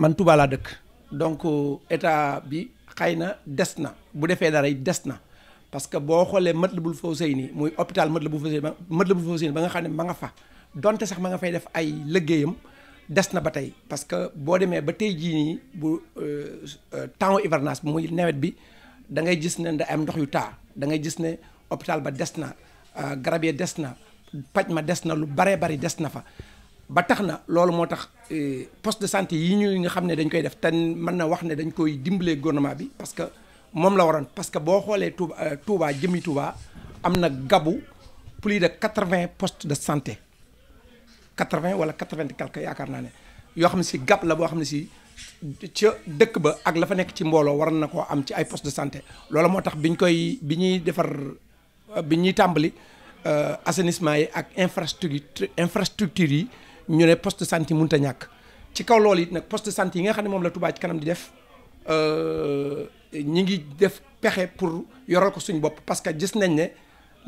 man Touba dëkk donc euh, état bi xëy na des na bu defee dara it des na parce que boo xoolee Matlaboul nii muy hôpital Matlaboul Fawzayni ba Matlaboul Fawzayni ba nga xam ne ma nga fa donte sax ma nga fay def ay liggéeyam des na ba tey parce que boo demee ba tey jii nii bu euh, euh, temps hivernage bi muy nawet bi da ngay gis ne da am ndox yu taa da ngay gis ne hôpital ba des na garab ya des na paj ma des na lu baree bari des na fa ba tax na loolu moo tax euh, poste de santé yi ñu nga xam ne dañ koy def te mën na wax ne dañ koy dimbalee gouvernement bi parce que moom la waroon parce que boo xoolee Touba euh, Touba jëmi Touba am na gabu plus de quatre vingt postes de santé quatre-vingts wala quatre-vingt quelque yaakaar naa ne yoo xam ne si gab la boo xam ne si ca dëkk ba ak la fa nekk ci mbooloo waroon na koo am ci ay poste de santé loolu moo tax bi ñu koy bi ñuy defar bi ñuy tàmbali euh, assainissement yi ak infrastructure infrastructure yi ñu ne poste de santé mënut a ñàkk ci kaw loolu it nag poste de santé yi nga xam ne moom la Touba ci kanam di def euh, ñi ngi def pexe pour yoral ko suñu bopp parce que gis nañ ne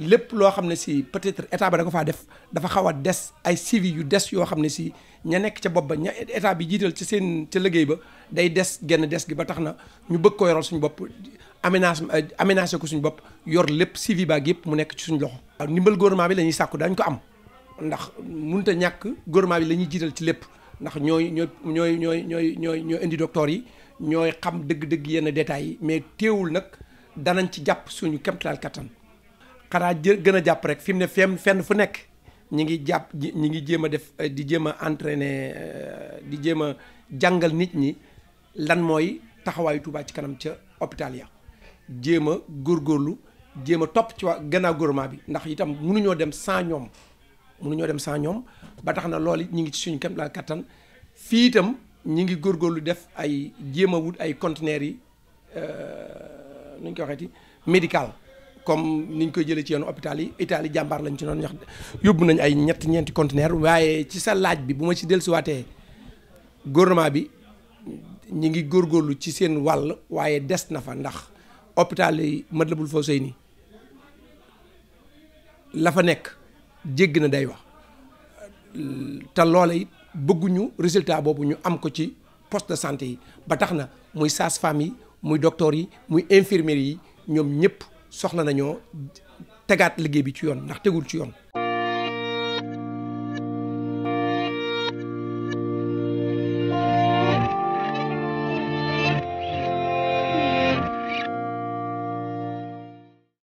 lépp loo xam ne si peut-être état ba da ko faa def dafa xaw a des ay suivi yu des yoo xam ne si ña nekk ca bopp ba ña état bi jiital ci seen ca liggéey ba day des genn des gi ba tax na ñu bëgg ko yoral suñu bopp aménage aménagé ko suñ bopp yor lépp suivi ba yëpp mu nekk ci suñ loxo. waaw ndimbal gouvernement bi la ñuy sàkku dañ ko am. ndax mënut a ñàkk gouvernement bi la ñuy jiital ci lépp ndax ñooy ñooy ñooy ñooy ñooy ñooy ñooy indi docteur yi ñooy xam dëgg-dëgg yenn détails yi mais teewul nag danañ ci jàpp suñu kemtalaal kattan xanaa jë gën a jàpp rek fi mu ne fenn fenn fu nekk ñi ngi jàpp ñi ngi jéem a def di jéem a entraîner euh, di jéem a jàngal nit ñi lan mooy taxawaayu Touba ci kanam ca hôpital ya jéem a góorlu jéem a topp ci waa gannaaw gouvernement bi ndax itam mënuñoo dem sans ñoom mënuñoo dem sans ñoom ba tax na lool yi ñu ngi ci suñu kem la kattan fii itam ñi ngi góorgóorlu def ay jéem a ay conteneurs yi euh, nu ñu koy waxeeti médical comme ni ñu jëlee ci yenn hôpital yi Italie jàmbaar lañ ci noonu ñax yóbbu nañu ay ñetti ñeenti conteneurs waaye ci sa laaj bi bu ma ci dellusiwaatee gouvernement bi ñu ngi góorgóorlu ci seen wàll waaye des na fa ndax hôpital yi Matlaboul Fawzeyni la fa nekk. jégg na day wax te loola it bëgguñu résultat boobu ñu am ko ci poste de santé yi ba tax na muy sas femme yi muy docteur yi muy infirmier yi ñoom ñëpp soxla nañoo tegaat liggéey bi ci yoon ndax tegul ci yoon